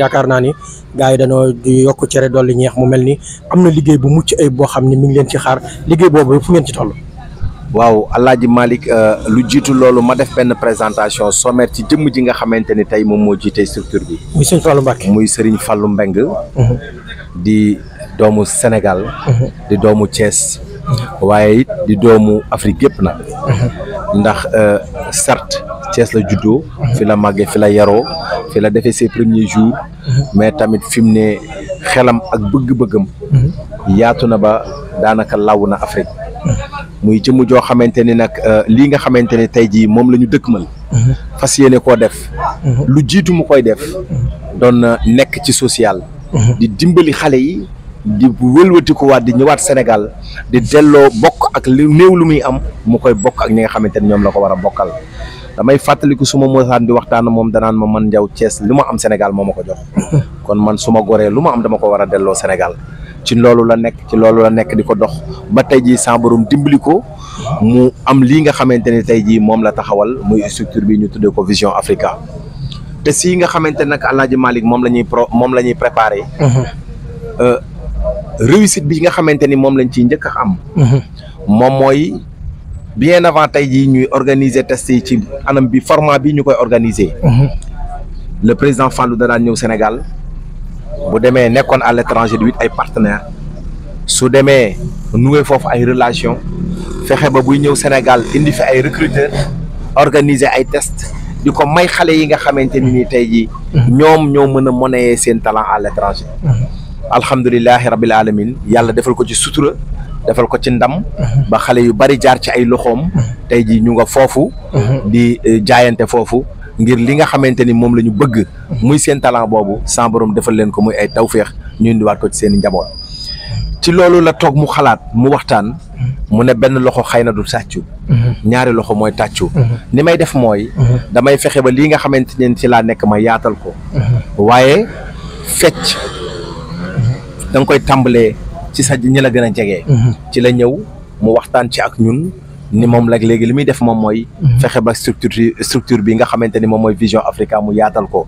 yaakaar naa ni gars yi dañoo di yokk cere dolli ñeex mu mel ni am na liggéey bu mucc ay boo xam ni mi ngi leen ci xaar liggéey boobu fu ngeen ci toll. waaw Alaaji Malick euh, lu jiitu loolu ma def benn présentation sommaire ci jëmm ji nga xamante ni tey moom moo jiite structure bi. muy Serigne Fallou Mbacké muy Serigne fallu Mbengue. Mhm. di doomu Sénégal. Mhm. di doomu Thiès. Mhm. waaye it di doomu Afrique yëpp nag. ndax euh, certes. Thiès la juddoo fi la màggee fi la yaro fi la defee ses premiers jours mais tamit fi mu ne xelam ak bëgg-bëggam yaatu na ba daanaka law na Afrique muy jëmm joo xamante ni nag euh, lii nga xamante ne tey jii moom la ñu dëkkmal fas yéene koo def lu jiitu mu koy def doon nekk ci sociale di dimbali xale yi di ko wëlbatikuwaat di ñëwaat Sénégal di delloo bokk ak li new lu muy am mu koy bokk ak ñi nga xamante ne ñoom la ko war a bokkal damay fàttaliku suma ma mosaan bi waxtaan moom danaan ma man njaw cees li ma am Sénégal moo ma ko jox kon man su ma goree lu ma am dama ko war a delloo Sénégal ci loolu la nekk ci loolu la nekk di ko dox ba tey jii sa borom dimbali ko mu am lii nga xamante ne tey jii moom la taxawal muy structure bi ñu tuddee ko Vision Africa te si nga xamante nag Alaaji Malick moom la ñuy pro moom la ñuy préparé mhm. euh, réussite bi nga xamante ni moom lañ ciy njëkk a am mhm. moom mooy bien avant tey jii ñuy organiser test yi ci anam bi format bi ñu koy organiser. Mhm. le président Fallou danaan ñëw Sénégal bu demee nekkoon à l'étranger di wut ay partenaires su demee noué foofu ay relations fexe ba buy ñëw Sénégal indi fi ay recruteurs organiser ay test di ko may xale yi nga xamante ni ni tey jii. Mhm. ñoom ñoo mën a monnayer seen talant à l'étranger. Mhm. alhamdulilahi rabil alamin yàlla defal ko ci sutura. defal ko ci ndam ba xale yu bari jaar ci ay loxoom tey ji ñu nga foofu di eh, jaayante foofu ngir li nga xamante ni moom lañu bëgg muy seen talent boobu sans defal leen ko muy ay tawféex ñu indiwaat ko ci seen njaboot ci loolu la toog mu xalaat mu waxtaan mu ne benn loxo xëy na du tàccu ñaari loxo mooy tàccu ni may def mooy damay fexe ba lii nga xamante ne ci laa nekk ma yaatal ko waaye fecc danga koy tàmbalee ci sa ñi la gën a jege. Mhm. ci la ñëw mu waxtaan ci ak ñun ni moom nag léegi li muy def moom mooy. Mhm. fexe ba structure structure bi nga xamante ni moom mooy Vision Africa mu yaatal ko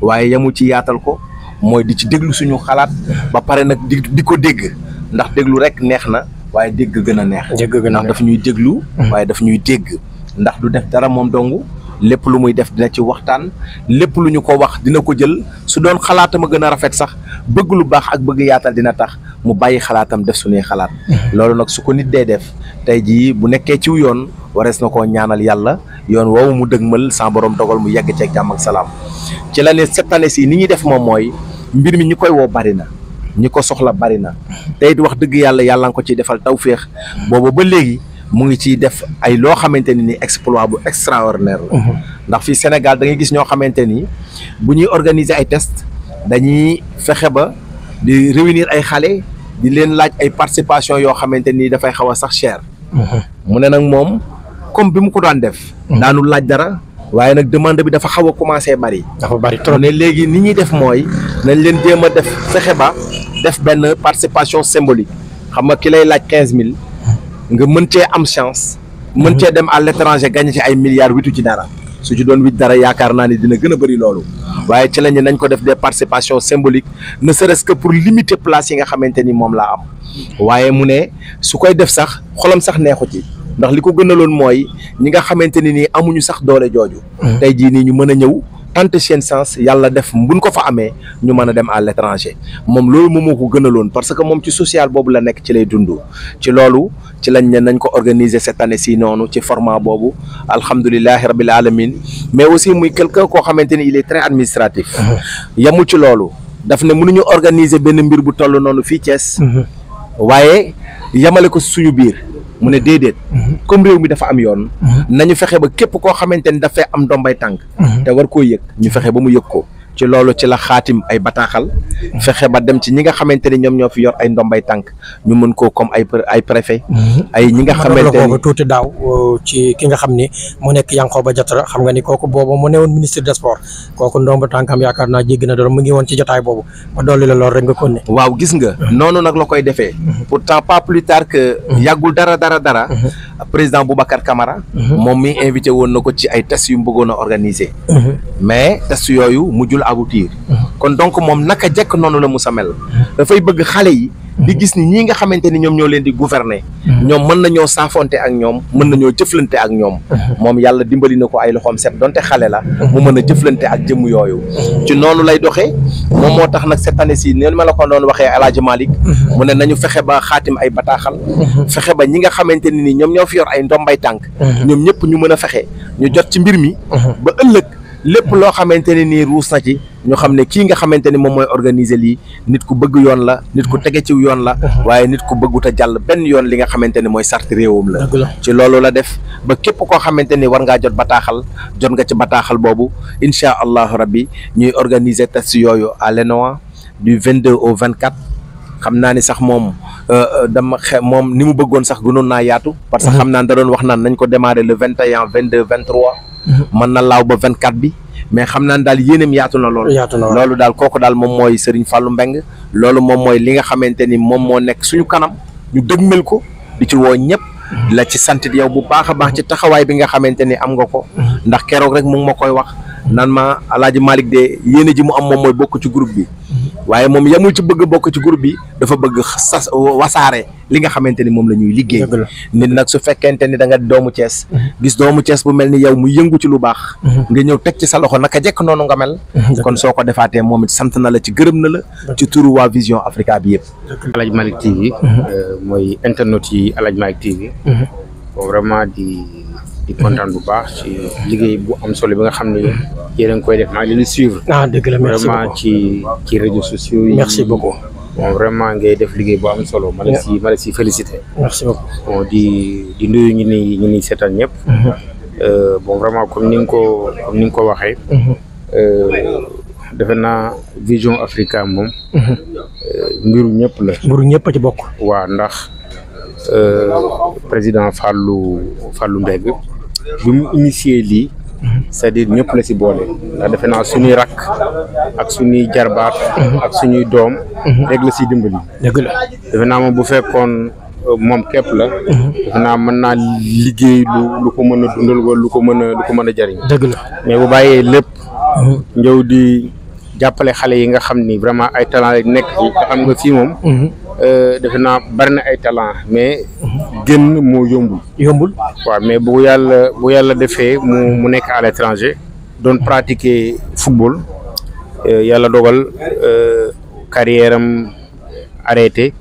waaye yamu ci yaatal ko mooy di ci déglu suñu xalaat ba pare nag di di ko dégg ndax déglu rek neex na waaye dégg gën a neex. dégg gën a ñuy déglu. Mhm. waaye daf ñuy dégg ndax du def dara moom dong. lépp lu muy def dina ci waxtaan lépp lu ñu ko wax dina ko jël su doon xalaatama gën a rafet sax bëgg lu baax ak bëgg yaatal dina tax mu bàyyi xalaatam def suñuy xalaat mm-hmm. loolu nag su ko nit dee def tey jii bu nekkee ciw yoon warees na ko ñaanal yàlla yoon woowu mu dëgg dëgmal sans borom dogal mu yegg ceeg jàmm ak salaam ci la ne cette année si ni ñuy def moom mooy mbir mi ñi koy woo bari na ñi ko soxla bari na tey di wax dëgg yàlla yàlla nga ko ciy defal tawféex boobu ba léegi mu ngi ciy def ay loo xamante ni ni exploit bu extraordinaire la mm-hmm. ndax fii Sénégal da ngay gis ñoo xamante ni bu ñuy organiser ay test dañuy fexe ba di réunir ay xale di leen laaj ay participation yoo xamante nii dafay xaw a sax chair mu ne nag moom comme bi mu ko daan def. Mm-hmm. daanu laaj dara. waaye nag demande bi dafa xaw a commencé bari. dafa bari trop léegi ni ñuy def mooy nañ leen jéem a def fexe ba def benn participation symbolique xam nga ki lay laaj quinze mille. Mm-hmm. nga mën cee am chance. mën mm-hmm. cee dem à l'étranger gagné ci ay milliards witu ci dara. su ci doon wicc dara yaakaar naa ni dina gën a bëri loolu waaye ci lañu nañ ko def des participations symboliques ne serait-ce pour limiter place yi nga xamante ni moom laa am waaye mu ne su koy def sax xolam sax neexu ci ndax li ko loon mooy ñi nga xamante ni nii amuñu sax doole jooju hmm. tey jii nii ñu mën a ñëw tant seen sens yàlla def buñ ko fa amee ñu mën a dem à l'étranger moom loolu moom moo ko loon parce que moom ci sociale boobu la nekk ci lay dund ci loolu ci lañ ne nañ ko organiser cette année ci noonu ci format boobu alhamdulilahi rabil alamin mais aussi muy quelqu'un ko xamante ni il est très administratif yamul ci loolu daf ne mënuñu organiser benn mbir bu toll noonu fii Thiès waaye yamale ko suñu biir mu ne déedéet comme réew mi dafa am yoon nañu fexe ba képp koo xamante ni dafay am ndombay tànk te war koo yëg ñu fexe ba mu yëg ko ci loolu ci la xaatim ay bataaxal fexe ba dem ci ñi nga xamante ni ñoom ñoo fi yor ay ndombay tànk ñu mën koo comme ay ay préfet mhm. ay ñi nga xamante ni tuuti daaw euh, ci ki nga xam ni mu nekk ba jot Diattara xam nga ni kooku boobu mu woon ministre des sports kooku ndomba tànkam yaakaar naa jégg na doon mu ngi woon ci jotaay boobu ma dolli la loolu rek nga kon ne waaw gis nga noonu nag la koy defee mhm. pour pas plus tard que mhm. yàggul dara dara dara président Boubacar kamara mhm. moom mi invité woon na ko ci ay test yu mu bëggoon a organiser. Mhm. mais tests yooyu mu mujjul aboutir. Mhm. kon donc moom naka jekk noonu la musa mel. dafay bëgg xale yi. di gis ni ñii nga xamante ni ñoom ñoo leen di gouverner. Mm-hmm. ñoom mën nañoo saafonte ak ñoom mën nañoo jëflante ak ñoom. Mm-hmm. moom yàlla dimbali na ko ay loxoom set donte xale la. mu mën a jëflante ak jëmm yooyu. Mm-hmm. ci noonu lay doxee moom moo tax nag cette année ci noonu ma la ko doon waxee El Hadj Malick. mu ne nañu fexe ba xaatim ay bataaxal. fexe ba ñi nga xamante ni ñoom ñoo fi yor ay ndombay tànk. ñoom ñëpp ñu mën a fexe ñu jot ci mbir mi. ba ëllëg lépp loo xamante ne nii ruus na ci. ñu xam ne kii nga xamante ni moom mooy organiser lii nit ku bëgg yoon la nit ku tege ci yoon la waaye nit ku bëggut a jàll benn yoon li nga xamante ni mooy sart réewam la ci loolu la def ba képp koo xamante ni war ngaa jot bataaxal jot nga ci bataaxal boobu inchaa allahu rabbi ñuy organiser test yooyu à l'ENOA du 22 au 24 xam naa ni sax moom euh, euh, dama xe moom ni mu bëggoon sax gënoon naa yaatu parce que mhm. xam naa da doon wax naan nañ ko démarrer le 21 22 23 mën na laaw ba bi mais xam naa ne daal yéeneem yaatu na loolu loolu daal kooku daal moom mooy Serigne fallu Mbengue loolu moom mooy li nga xamante ni moom moo nekk suñu kanam ñu dëgmal ko di ci woo ñëpp la ci santit yow bu baax a baax ci taxawaay bi nga xamante ni am nga ko ndax keroog rek mu ngi ma koy wax nan ma alaaji Malick de yéene ji mu am moom mooy bokk ci groupe bi waaye moom yamul ci bëgg bokk ci group bi dafa bëgg sas wasaare li nga xamante ni moom la ñuy liggéey nit nag su fekkente ni danga nga doomu Cees mhm. gis doomu Cees bu mel ni yow mu yëngu ci lu baax mhm. nga ñëw teg ci sa loxo naka jekk noonu nga mel mhm. kon soo ko defaatee moom sant na la ci gërëm na la ci turu waa Vision Africa bi yëpp Aladji Malick TV euh, mooy internet yi Aladji Malick TV vraiment di di kontaan bu baax ci liggéey bu am solo bi nga xam ne yéen a ngi koy def maa ngi suivre. ah dëgg la merci ci ci réseaux sociaux yi. merci beaucoup. bon vraiment ngay def liggéey bu am solo. ma la si ma la si di di nuyu ñu ni ñu ni seetaan ñëpp. Mhm. Euh, bon vraiment comme ni nga ko comme ko waxee. Mhm. Euh, defe naa vision africa mom mhm. euh, mbiru ñëpp la. mbiru ñëpp a ci bokk. waaw ndax président Fallou Fallou bi mu initié lii c'est-à-dire ñëpp la si boole ndax defe naa suñuy rakk ak suñuy jarbaat ak suñuy doom rek si siy dimbali dëgg defe naa moom bu fekkoon euh, moom képp la defe naa mën naa liggéey lu ko mën a dundal wala lu ko mën a lu ko mën a jariñ dëgg la mais bu bàyyee lépp ñëw di jàppale xale yi nga xam ni vraiment ay talent rek nekk fi te xam nga fii moom Euh, defe naa bari na ay talent mais génn moo yombul. yombul waaw mais bu yàlla bu yàlla defee mu mu nekk à l'étranger doon pratiquer football euh, yàlla dogal euh, carrière am arrêté.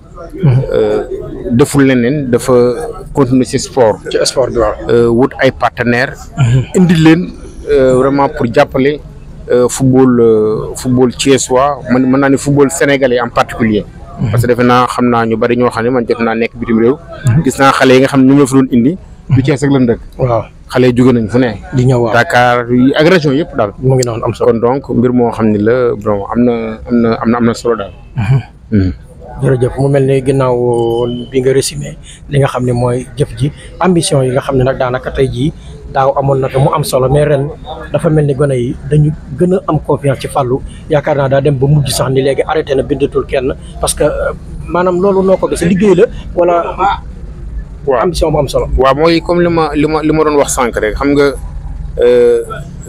Mhm. deful leneen dafa continuer ci sport. ci sport bi wut ay partenaires. Mhm. indileen leen vraiment pour jàppale football football thiessois mën naa ni football sénégalais en particulier parce que defe naa xam naa ñu bari ñoo xam ne man jot naa nekk bitim réew. gis naa xale yi nga xam ne ñu la fa doon indi. du Cees ak lan dëkk. waaw xale yi jóge nañ fu ne. di ñëw waaw Dakar yi ak région yëpp daal. mu ngi noonu am solo kon donc mbir moo xam ne la bon na am na am am na solo daal. Mhm. Hmm. mu mel ni ginnaaw bi nga résumé li nga xam ne mooy jëf ji ambition yi nga xam ne nag daanaka tey jii taaw amoon na te mu am solo mais ren dafa mel ni gone yi dañu gën a am confiance ci Fallou yaakaar naa daal dem ba mujj sax ni léegi arrêté na bindatul kenn parce que euh, maanaam loolu noo ko gis liggéey la wala. waaw ambition bu am solo. waa mooy comme li ma li ma li ma doon wax sànq rek xam nga. Euh,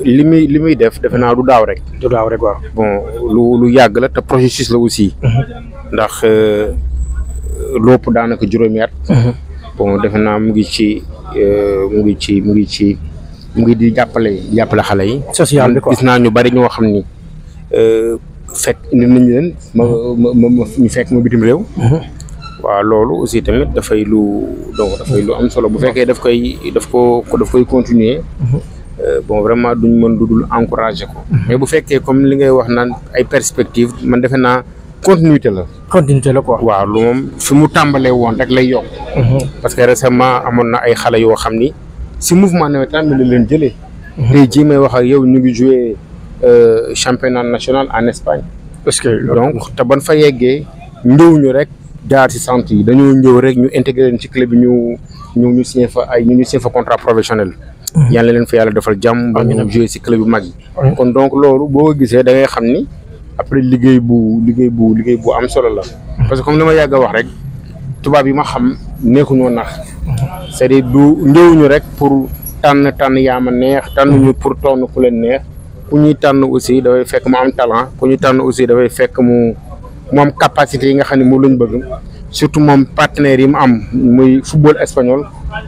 li muy li muy def defe naa du daaw rek. du daaw rek waaw. bon lu lu yàgg la te processus la aussi. Mhm. ndax euh, lépp daanaka juróomi at. Mhm. bon defe naa mu ngi ci euh, mu ngi ci mu ngi ci mu ngi di jàppale jàppale xale yi. social bi quoi gis naa ñu bari ñoo xam ni euh, fekk ni nañu leen ma ma ma ñu fekk ma bitim réew. Mhm. waaw loolu aussi tamit dafay lu donc dafay lu am solo bu fekkee daf koy daf ko daf koy continuer. Mhm. Euh, bon vraiment duñ mën du dul encourager ko. Mhm. mais bu fekkee comme li ngay wax naan ay perspectives man defe naa. continuité la. continuité la quoi. waaw lu moom fi mu tàmbalee woon rek lay yokk. Mhm. parce que récemment amoon na ay xale yoo xam ni si mouvement nawetaan mi la leen jëlee. Mhm. tey jii may wax ak yow ñu ngi joué euh, championnat national en Espagne. parce que donc te ban fa yeggee ñëw ñu rek jaar ci centre yi dañoo ñëw rek ñu intégré leen ci club bi ñu ñu ñu signé fa ay ñu ñu signé fa contrat professionnel. Mhm. yàlla leen fa yàlla defal jàmm. ba ñu joué si club yu mag yi. kon donc loolu boo gisee da xam ni. après liggéey bu liggéey bu liggéey bu am solo la. parce que comme li yàgg a wax rek tubaab yi ma xam nekkuñoo nax. c'est-à-dire rek pour tànn tànn yaa ma neex tànnuñu pour tonn ku leen neex ku ñuy tànn aussi dafay fekk mu am talent ku ñuy tànn aussi dafay fekk mu mu am capacité yi nga xam ne moom lañ bëgg surtout moom partenaire yi mu am muy football espagnol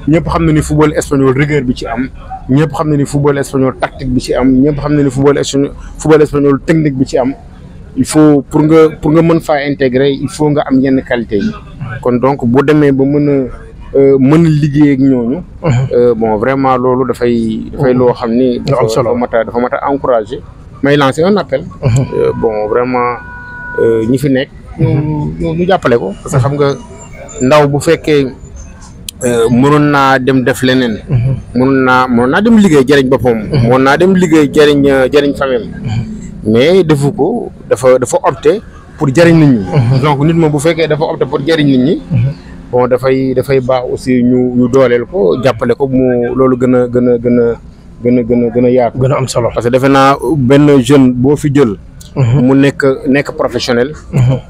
ñëpp xam na ni football espagnol rigueur bi ci am ñëpp xam na ni football espagnol tactique bi ci am ñëpp xam na ni football espagnol football espagnol technique bi ci am. il faut pour nga pour nga mën faa intégrer il faut nga am yenn qualité yi kon donc boo demee ba mën a euh, mën a liggéey ak ñooñu. Mhm. Euh, bon vraiment loolu dafay. dafay loo xam ni. dafa dafa mat a dafa mat encouragé. may lancer un appel. Mhm. Euh, bon vraiment ñi fi nekk. Mhm. ñu jàppale ko. parce que xam nga ndaw bu fekkee mënoon naa dem def leneen. mënoon naa mënoon naa dem liggéey jëriñ boppam. mënoon naa dem liggéey jëriñ jëriñ famille mais defu ko dafa dafa opté pour jariñ nit mhm. donc nit moom bu fekkee dafa opté pour jariñ nit ñi. Mhm. bon dafay dafay baax aussi ñu ñu dooleel ko jàppale ko mu loolu gën a gën a gën a gën a gën a gën a yaatu. gën a am solo parce que defe naa benn jeune boo fi jël. Mhm. mu nekk nekk professionnel.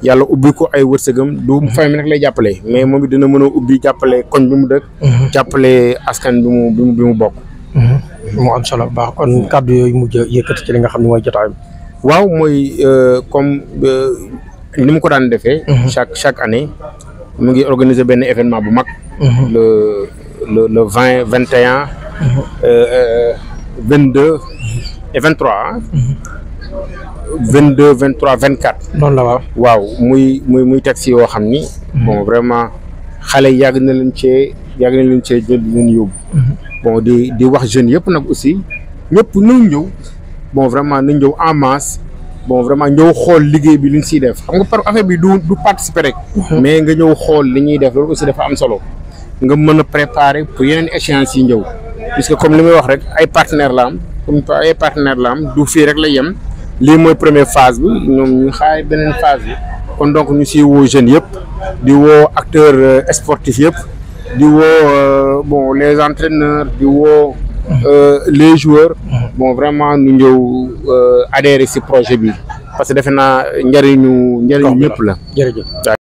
yàlla ubbi ko ay wërsëgam du famille rek lay jàppale mais moom it dina mën a ubbi jàppale koñ bi mu dëkk. jàppale askan bi mu bi mu bokk. mu am solo baax kon kàddu yooyu mujj yëkkati ci li nga xam ne mooy jotaay bi waaw mooy euh, comme euh, ni mu ko daan defee. Mhm. chaque chaque année mu ngi organiser benn événement bu mag. Mhm. le le vingt vingt et un. Mhm. Euh, vingt deux et vingt trois. vingt deux vingt trois vingt quatre. noonu la waaw. waaw muy muy muy taxi yoo xam ni. bon vraiment xale yàgg na leen ci yàgg na leen cee jël leen yóbbu. bon di di wax jeunes yëpp nag aussi ñëpp nu ñëw. bon vraiment nañ ñëw en masse bon vraiment ñëw xool liggéey bi li ñu siy def xam nga par affaire bi du du participer rek. Mhm. mais nga ñëw xool li ñuy def loolu aussi dafa am solo. nga mën a préparer pour yeneen échéances yi ñëw puisque comme li may wax rek ay partenaires la am comme ay partenaires la am du fii rek la yem. lii mooy première phase bi ñoom ñu xaar beneen phase bi kon donc ñu siy woo jeunes yëpp di woo acteurs euh, sportifs yëpp di woo euh, bon les entraîneurs di woo. Euh, les joueurs bon vraiment ñu ñëw euh, adhéré si projet bi parce que defe naa njëriñu njëriñu ñëpp la jërëjëf